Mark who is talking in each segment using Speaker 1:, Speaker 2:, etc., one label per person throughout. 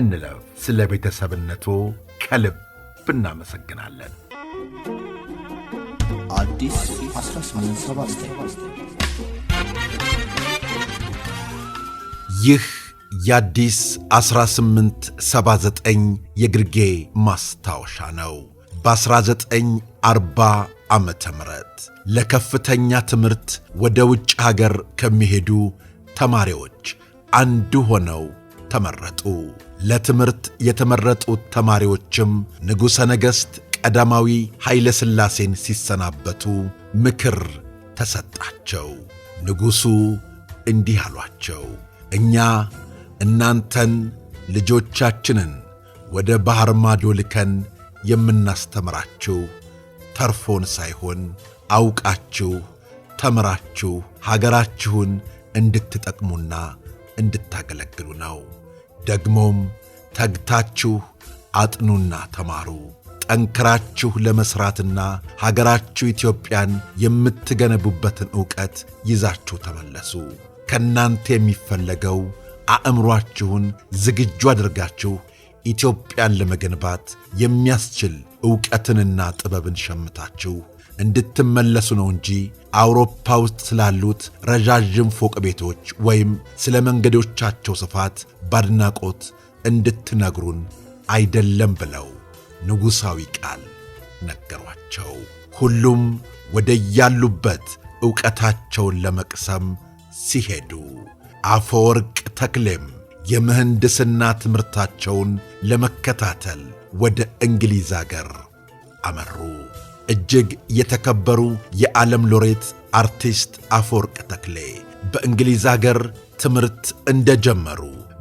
Speaker 1: እንለፍ። ስለ ቤተሰብነቱ ከልብ እናመሰግናለን። ይህ የአዲስ 1879 የግርጌ ማስታወሻ ነው። በ1940 ዓመተ ምህረት ለከፍተኛ ትምህርት ወደ ውጭ ሀገር ከሚሄዱ ተማሪዎች አንዱ ሆነው ተመረጡ። ለትምህርት የተመረጡት ተማሪዎችም ንጉሠ ነገሥት ቀዳማዊ ኃይለ ሥላሴን ሲሰናበቱ ምክር ተሰጣቸው። ንጉሡ እንዲህ አሏቸው፣ እኛ እናንተን ልጆቻችንን ወደ ባሕር ማዶ ልከን የምናስተምራችሁ ተርፎን ሳይሆን አውቃችሁ ተምራችሁ ሀገራችሁን እንድትጠቅሙና እንድታገለግሉ ነው። ደግሞም ተግታችሁ አጥኑና ተማሩ። ጠንክራችሁ ለመሥራትና ሀገራችሁ ኢትዮጵያን የምትገነቡበትን ዕውቀት ይዛችሁ ተመለሱ። ከእናንተ የሚፈለገው አእምሯችሁን ዝግጁ አድርጋችሁ ኢትዮጵያን ለመገንባት የሚያስችል ዕውቀትንና ጥበብን ሸምታችሁ እንድትመለሱ ነው እንጂ አውሮፓ ውስጥ ስላሉት ረዣዥም ፎቅ ቤቶች ወይም ስለ መንገዶቻቸው ስፋት ባድናቆት እንድትነግሩን አይደለም ብለው ንጉሣዊ ቃል ነገሯቸው። ሁሉም ወደያሉበት ዕውቀታቸውን ለመቅሰም ሲሄዱ አፈወርቅ ተክሌም የምህንድስና ትምህርታቸውን ለመከታተል ወደ እንግሊዝ አገር አመሩ። እጅግ የተከበሩ የዓለም ሎሬት አርቲስት አፈወርቅ ተክሌ በእንግሊዝ አገር ትምህርት እንደጀመሩ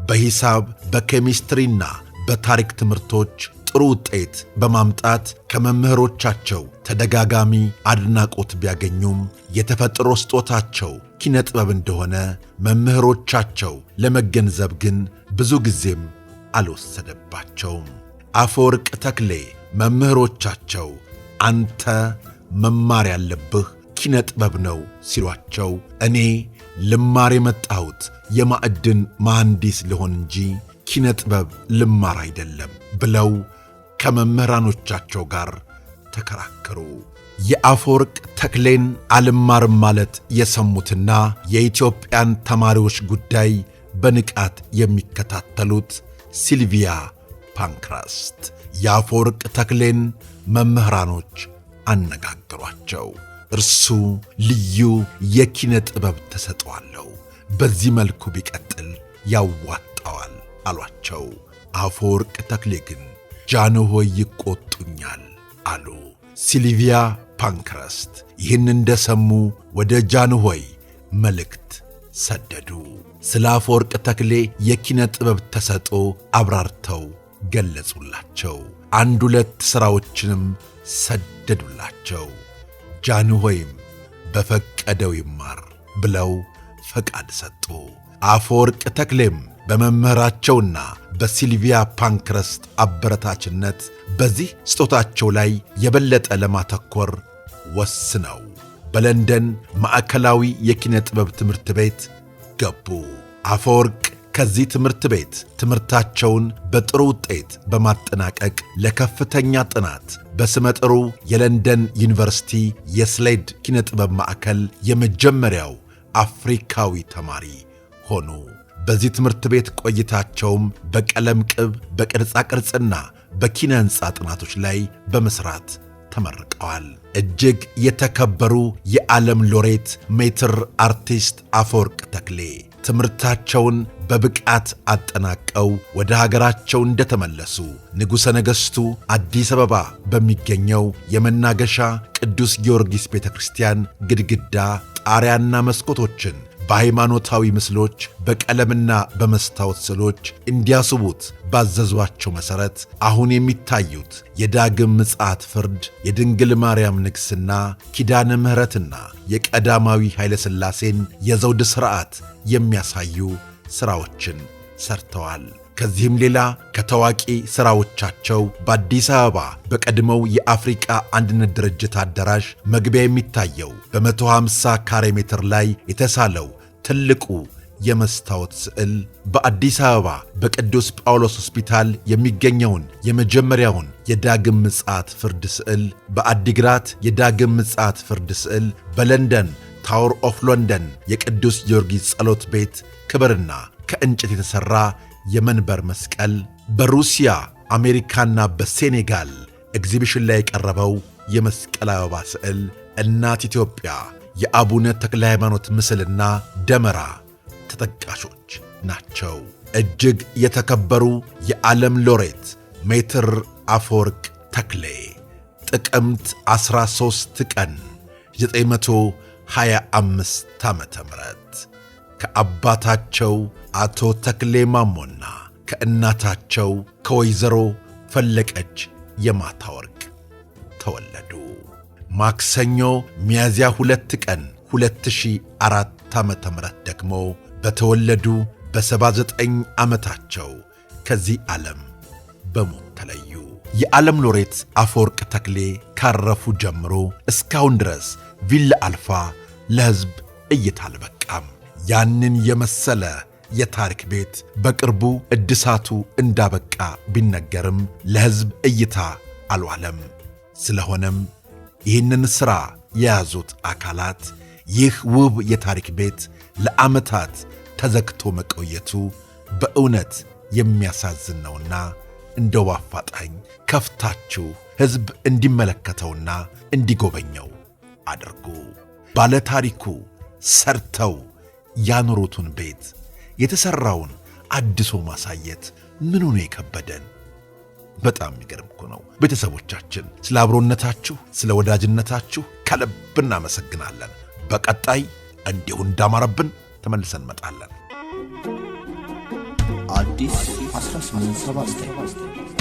Speaker 1: በሂሳብ በኬሚስትሪና በታሪክ ትምህርቶች ጥሩ ውጤት በማምጣት ከመምህሮቻቸው ተደጋጋሚ አድናቆት ቢያገኙም የተፈጥሮ ስጦታቸው ኪነ ጥበብ እንደሆነ መምህሮቻቸው ለመገንዘብ ግን ብዙ ጊዜም አልወሰደባቸውም። አፈወርቅ ተክሌ መምህሮቻቸው አንተ መማር ያለብህ ኪነ ጥበብ ነው ሲሏቸው፣ እኔ ልማር የመጣሁት የማዕድን መሐንዲስ ልሆን እንጂ ኪነ ጥበብ ልማር አይደለም ብለው ከመምህራኖቻቸው ጋር ተከራከሩ። የአፈወርቅ ተክሌን አልማርም ማለት የሰሙትና የኢትዮጵያን ተማሪዎች ጉዳይ በንቃት የሚከታተሉት ሲልቪያ ፓንክራስት የአፈወርቅ ተክሌን መምህራኖች አነጋግሯቸው። እርሱ ልዩ የኪነ ጥበብ ተሰጥኦአለው፣ በዚህ መልኩ ቢቀጥል ያዋጣዋል አሏቸው። አፈወርቅ ተክሌ ግን ጃንሆይ ይቆጡኛል አሉ። ሲልቪያ ፓንክረስት ይህን እንደሰሙ ወደ ጃንሆይ መልእክት ሰደዱ። ስለ አፈወርቅ ተክሌ የኪነ ጥበብ ተሰጦ አብራርተው ገለጹላቸው። አንድ ሁለት ሥራዎችንም ሰደዱላቸው። ጃንሆይም በፈቀደው ይማር ብለው ፈቃድ ሰጡ። አፈወርቅ ተክሌም በመምህራቸውና በሲልቪያ ፓንክረስት አበረታችነት በዚህ ስጦታቸው ላይ የበለጠ ለማተኮር ወስነው በለንደን ማዕከላዊ የኪነ ጥበብ ትምህርት ቤት ገቡ። አፈወርቅ ከዚህ ትምህርት ቤት ትምህርታቸውን በጥሩ ውጤት በማጠናቀቅ ለከፍተኛ ጥናት በስመጥሩ የለንደን ዩኒቨርሲቲ የስሌድ ኪነጥበብ ማዕከል የመጀመሪያው አፍሪካዊ ተማሪ ሆኑ። በዚህ ትምህርት ቤት ቆይታቸውም በቀለም ቅብ፣ በቅርጻ ቅርጽና በኪነ ሕንፃ ጥናቶች ላይ በመሥራት ተመርቀዋል። እጅግ የተከበሩ የዓለም ሎሬት ሜትር አርቲስት አፈወርቅ ተክሌ ትምህርታቸውን በብቃት አጠናቀው ወደ ሀገራቸው እንደተመለሱ ንጉሠ ነገሥቱ አዲስ አበባ በሚገኘው የመናገሻ ቅዱስ ጊዮርጊስ ቤተ ክርስቲያን ግድግዳ ጣሪያና መስኮቶችን በሃይማኖታዊ ምስሎች፣ በቀለምና በመስታወት ስዕሎች እንዲያስቡት ባዘዟቸው መሠረት አሁን የሚታዩት የዳግም ምጽአት ፍርድ፣ የድንግል ማርያም ንግሥና፣ ኪዳነ ምሕረትና የቀዳማዊ ኃይለ ሥላሴን የዘውድ ሥርዓት የሚያሳዩ ሥራዎችን ሠርተዋል። ከዚህም ሌላ ከታዋቂ ሥራዎቻቸው በአዲስ አበባ በቀድሞው የአፍሪቃ አንድነት ድርጅት አዳራሽ መግቢያ የሚታየው በ150 ካሬ ሜትር ላይ የተሳለው ትልቁ የመስታወት ስዕል በአዲስ አበባ በቅዱስ ጳውሎስ ሆስፒታል የሚገኘውን የመጀመሪያውን የዳግም ምጽአት ፍርድ ስዕል፣ በአዲግራት የዳግም ምጽአት ፍርድ ስዕል፣ በለንደን ታወር ኦፍ ሎንደን የቅዱስ ጊዮርጊስ ጸሎት ቤት ክብርና ከእንጨት የተሠራ የመንበር መስቀል፣ በሩሲያ አሜሪካና በሴኔጋል ኤግዚቢሽን ላይ የቀረበው የመስቀል አበባ ስዕል እናት ኢትዮጵያ የአቡነ ተክለ ሃይማኖት ምስልና ደመራ ተጠቃሾች ናቸው። እጅግ የተከበሩ የዓለም ሎሬት ሜትር አፈወርቅ ተክሌ ጥቅምት 13 ቀን 925 ዓ ም ከአባታቸው አቶ ተክሌ ማሞና ከእናታቸው ከወይዘሮ ፈለቀች የማታ ወርቅ ተወለዱ። ማክሰኞ ሚያዝያ ሁለት ቀን 2004 ዓ ም ደግሞ በተወለዱ በ79 ዓመታቸው ከዚህ ዓለም በሞት ተለዩ። የዓለም ሎሬት አፈወርቅ ተክሌ ካረፉ ጀምሮ እስካሁን ድረስ ቪላ አልፋ ለሕዝብ እይታ አልበቃም። ያንን የመሰለ የታሪክ ቤት በቅርቡ እድሳቱ እንዳበቃ ቢነገርም ለሕዝብ እይታ አልዋለም። ስለሆነም ይህንን ሥራ የያዙት አካላት ይህ ውብ የታሪክ ቤት ለዓመታት ተዘግቶ መቆየቱ በእውነት የሚያሳዝን ነውና እንደው አፋጣኝ ከፍታችሁ ሕዝብ እንዲመለከተውና እንዲጎበኘው አድርጉ። ባለታሪኩ ሰርተው ያኖሩትን ቤት የተሠራውን አድሶ ማሳየት ምኑ ነው የከበደን? በጣም የሚገርም እኮ ነው። ቤተሰቦቻችን ስለ አብሮነታችሁ፣ ስለ ወዳጅነታችሁ ከልብ እናመሰግናለን። በቀጣይ እንዲሁ እንዳማረብን ተመልሰን እንመጣለን። አዲስ 1879